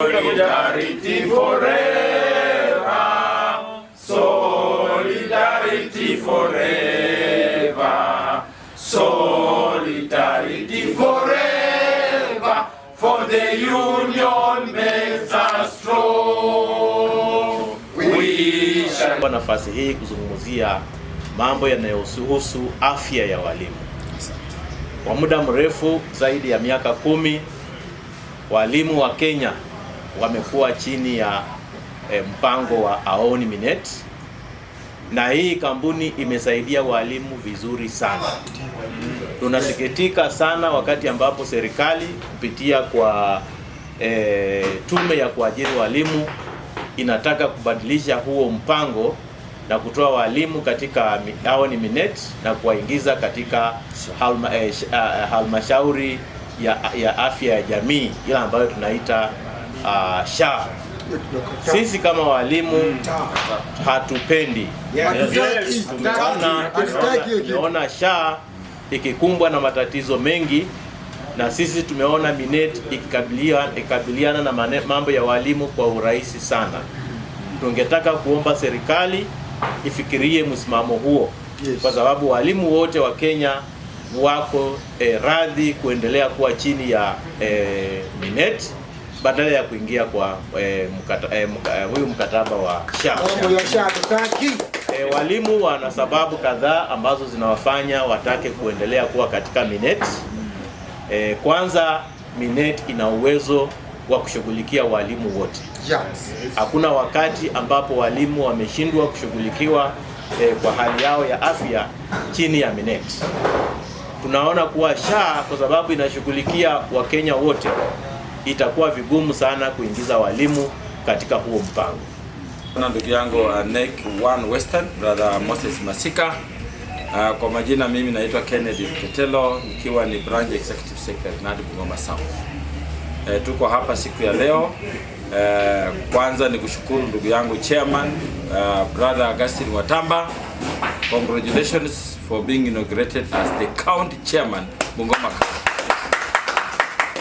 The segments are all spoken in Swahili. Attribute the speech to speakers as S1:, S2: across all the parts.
S1: Solidarity forever. Solidarity forever. Solidarity forever. For the union makes us strong. We shall...
S2: Kwa nafasi hii kuzungumzia mambo yanayohusu afya ya walimu. Kwa muda mrefu zaidi ya miaka kumi, walimu wa Kenya wamekuwa chini ya e, mpango wa Aoni Minet, na hii kampuni imesaidia walimu vizuri sana. Tunasikitika sana wakati ambapo serikali kupitia kwa e, tume ya kuajiri walimu inataka kubadilisha huo mpango na kutoa walimu katika Aoni Minet na kuwaingiza katika eh, ah, halmashauri e, ya, ya afya ya jamii ile ambayo tunaita uh, sha sisi kama walimu hatupendi tumeona sha ikikumbwa na matatizo mengi na sisi tumeona Minet ikikabiliana, na mambo ya walimu kwa urahisi sana. Tungetaka kuomba serikali ifikirie msimamo huo yes, kwa sababu walimu wote wa Kenya wako eh, radhi kuendelea kuwa chini ya eh, Minet badala ya kuingia kwa eh, mkata, eh, mk, eh, huyu mkataba wa SHA. Eh, walimu wana sababu kadhaa ambazo zinawafanya watake kuendelea kuwa katika Minet. Eh, kwanza Minet ina uwezo wa kushughulikia walimu wote. Hakuna wakati ambapo walimu wameshindwa kushughulikiwa eh, kwa hali yao ya afya chini ya Minet. Tunaona kuwa SHA kwa sababu inashughulikia Wakenya wote itakuwa vigumu sana kuingiza walimu katika huo mpango.
S3: Na ndugu yangu uh, One Western brother Moses Masika. Uh, kwa majina mimi naitwa Kennedy Ketelo nikiwa ni branch executive secretary NADU Bungoma South. Uh, tuko hapa siku ya leo uh, kwanza ni kushukuru ndugu yangu chairman uh, brother Augustine Watamba. Congratulations for being inaugurated as the county chairman Bungoma County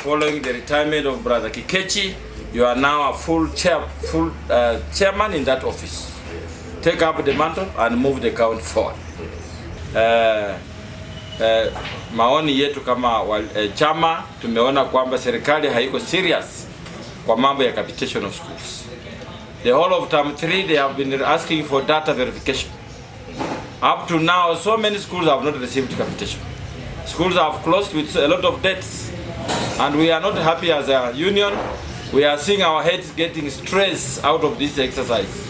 S3: following the retirement of Brother Kikechi, you are now a full chair, full uh, chairman in that office. Yes. Take up the mantle and move the count forward. Uh, uh, maoni yetu kama wal, uh, chama tumeona kwamba serikali haiko serious kwa mambo ya capitation of schools. The whole of term 3 they have been asking for data verification. Up to now so many schools have not received capitation. Schools have closed with a lot of debts. and we are not happy as a union. We are seeing our heads getting stressed out of this exercise.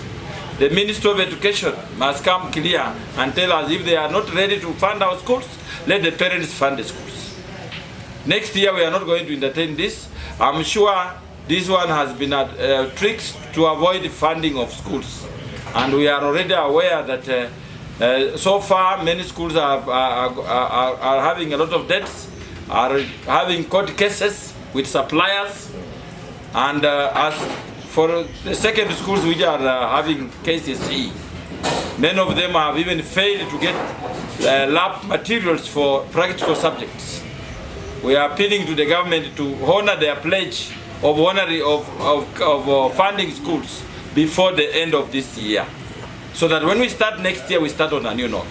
S3: The Ministry of Education must come clear and tell us if they are not ready to fund our schools, let the parents fund the schools. Next year we are not going to entertain this. I'm sure this one has been a uh, to avoid funding of schools. And we are already aware that uh, uh, so far many schools are, are, are, are having a lot of debts are having court cases with suppliers and uh, as for the second schools which are uh, having KCSE, many of them have even failed to get uh, lab materials for practical subjects. We are appealing to the government to honor their pledge of honoring of, of, of uh, funding schools before the end of this year so that when we start next year we start on a new note.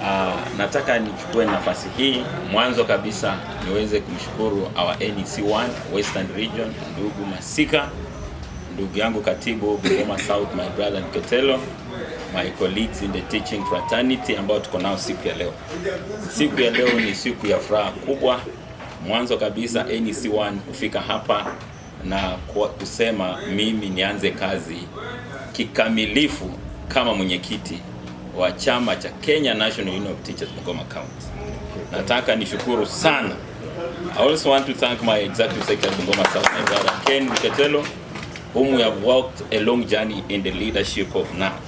S2: Uh, nataka nichukue nafasi hii mwanzo kabisa niweze kumshukuru our e NEC1 Western Region ndugu Masika, ndugu yangu katibu Bungoma South, my brother Nketelo, my colleagues in the teaching fraternity ambao tuko nao siku ya leo. Siku ya leo ni siku ya furaha kubwa, mwanzo kabisa e NEC1 kufika hapa na kusema mimi nianze kazi kikamilifu kama mwenyekiti wa chama cha Kenya National Union of Teachers Bungoma County. Nataka nishukuru sana. I also want to thank my executive secretary Bungoma South, my brother Ken Mketelo, whom we have walked a long journey in the leadership of now.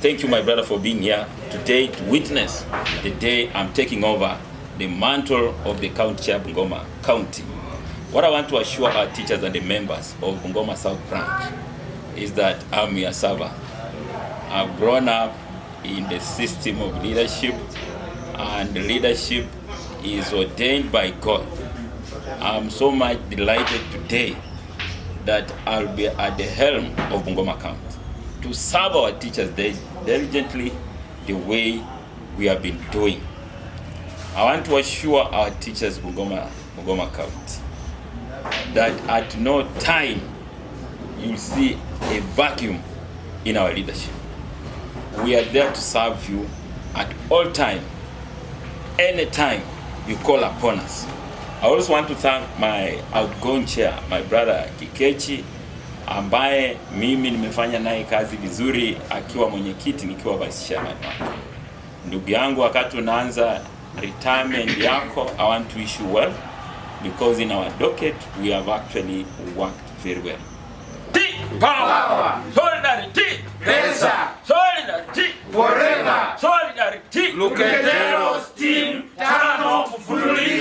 S2: Thank you my brother for being here today to witness the day I'm taking over the mantle of the county chair Bungoma County. What I want to assure our teachers and the members of Bungoma South Branch is that I'm your server. I've grown up in the system of leadership, and leadership is ordained by God. I'm so much delighted today that I'll be at the helm of Bungoma County to serve our teachers diligently the way we have been doing. I want to assure our teachers Bungoma, Bungoma County that at no time you'll see a vacuum in our leadership. we are there to serve you at all time any time you call upon us I also want to thank my outgoing chair my brother Kikechi ambaye mimi nimefanya naye kazi vizuri akiwa mwenyekiti nikiwa vice chairman wake ndugu yangu wakati unaanza retirement yako I want to wish you well because in our docket we have actually worked very well
S1: Power. Power. Iporeka Solidarity Luketero's team tano mfululizo